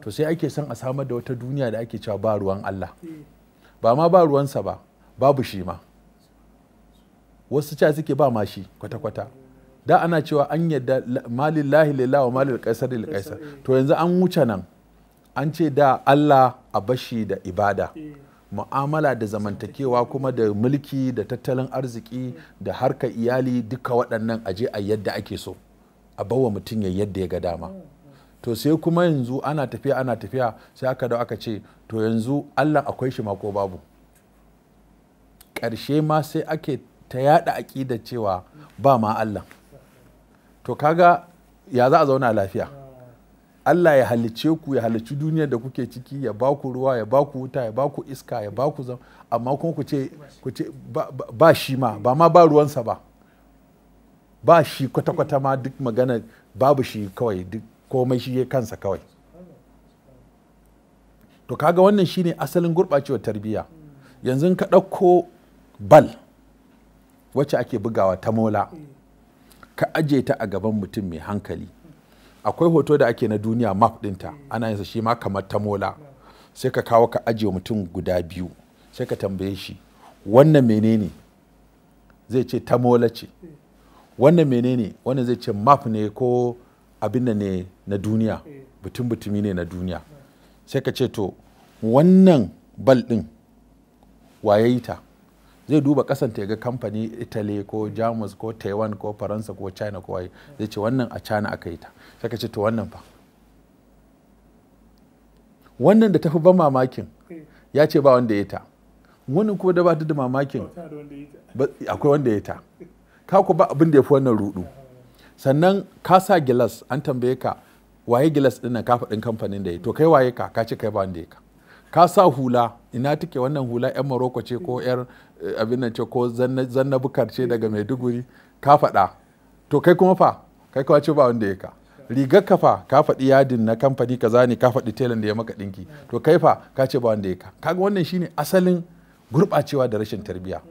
to sai ake son a samar da wata duniya da ake cewa ba ruwan Allah ba ma ba ruwansa ba babu shi ma wasu cewa suke ba ma shi kwata-kwata da ana cewa an yadda malin lahilila wa malin kaisar da kaisar to yanzu an wuce nan an ce da Allah a bashi da ibada mu'amala da zamantakewa kuma da mulki da tattalin arziki da harka iyali duka waɗannan aje a yadda ake so a bawa mutum ya yadda ya ga dama. to sai kuma yanzu ana tafiya ana tafiya sai aka dau aka ce to yanzu allah akwai shi ma ko babu ƙarshe ma sai ake ta yada aƙidar cewa ba ma allah to kaga ya za a zauna lafiya Allah ya halicce ku ya halicci duniyar da kuke ciki ya ba ku ruwa ya ba ku wuta ya ba ku iska ya ba ku zama amma kuma ku ce ba shi ma ba ma ba ruwansa ba ba shi kwata-kwata ma duk magana babu shi kawai duk komai shi kansa kawai to kaga wannan shine asalin gurɓacewar tarbiyya yanzu ka ɗauko bal wacce ake bugawa ta mola ka aje ta a gaban mutum mai hankali akwai hoto da ake na duniya map ɗinta ana yinsa shi ma kamar ta mola sai ka kawo ka aje mutum guda biyu sai ka tambaye shi wannan menene zai ce ta mola ce wannan menene wannan zai ce map ne ko abin da ne na duniya butun eh. butumi ne na duniya sai ka ce to wannan bal din waye yi ta zai duba kasan ta ga kamfani italy ko jamus ko taiwan ko faransa ko china ko waye zai ce wannan a china aka yi ta sai ka ce to wannan fa wannan da tafi ban mamakin eh. ya ce ba wanda ya ta wannan kuma da ba da mamakin akwai wanda ya ta ka ku ba abin da ya fi wannan rudu eh. sannan ka sa gilas an tambaye ka waye gilas ɗin nan ka faɗin kamfanin da ya to kai waye ka ka ce kai ba wanda ya ka ka sa hula ina take wannan hula yan maroko ce ko yar eh, abin nan ce ko zannabukar ce daga maiduguri ka faɗa to kai kuma fa kai ce ba wanda ya ka rigar fa, ka faɗi yadin na kamfani kaza ne ka faɗi telan da ya maka ɗinki to kai fa ka ce ba wanda ya ka kaga wannan shine asalin gurɓacewa da rashin tarbiyya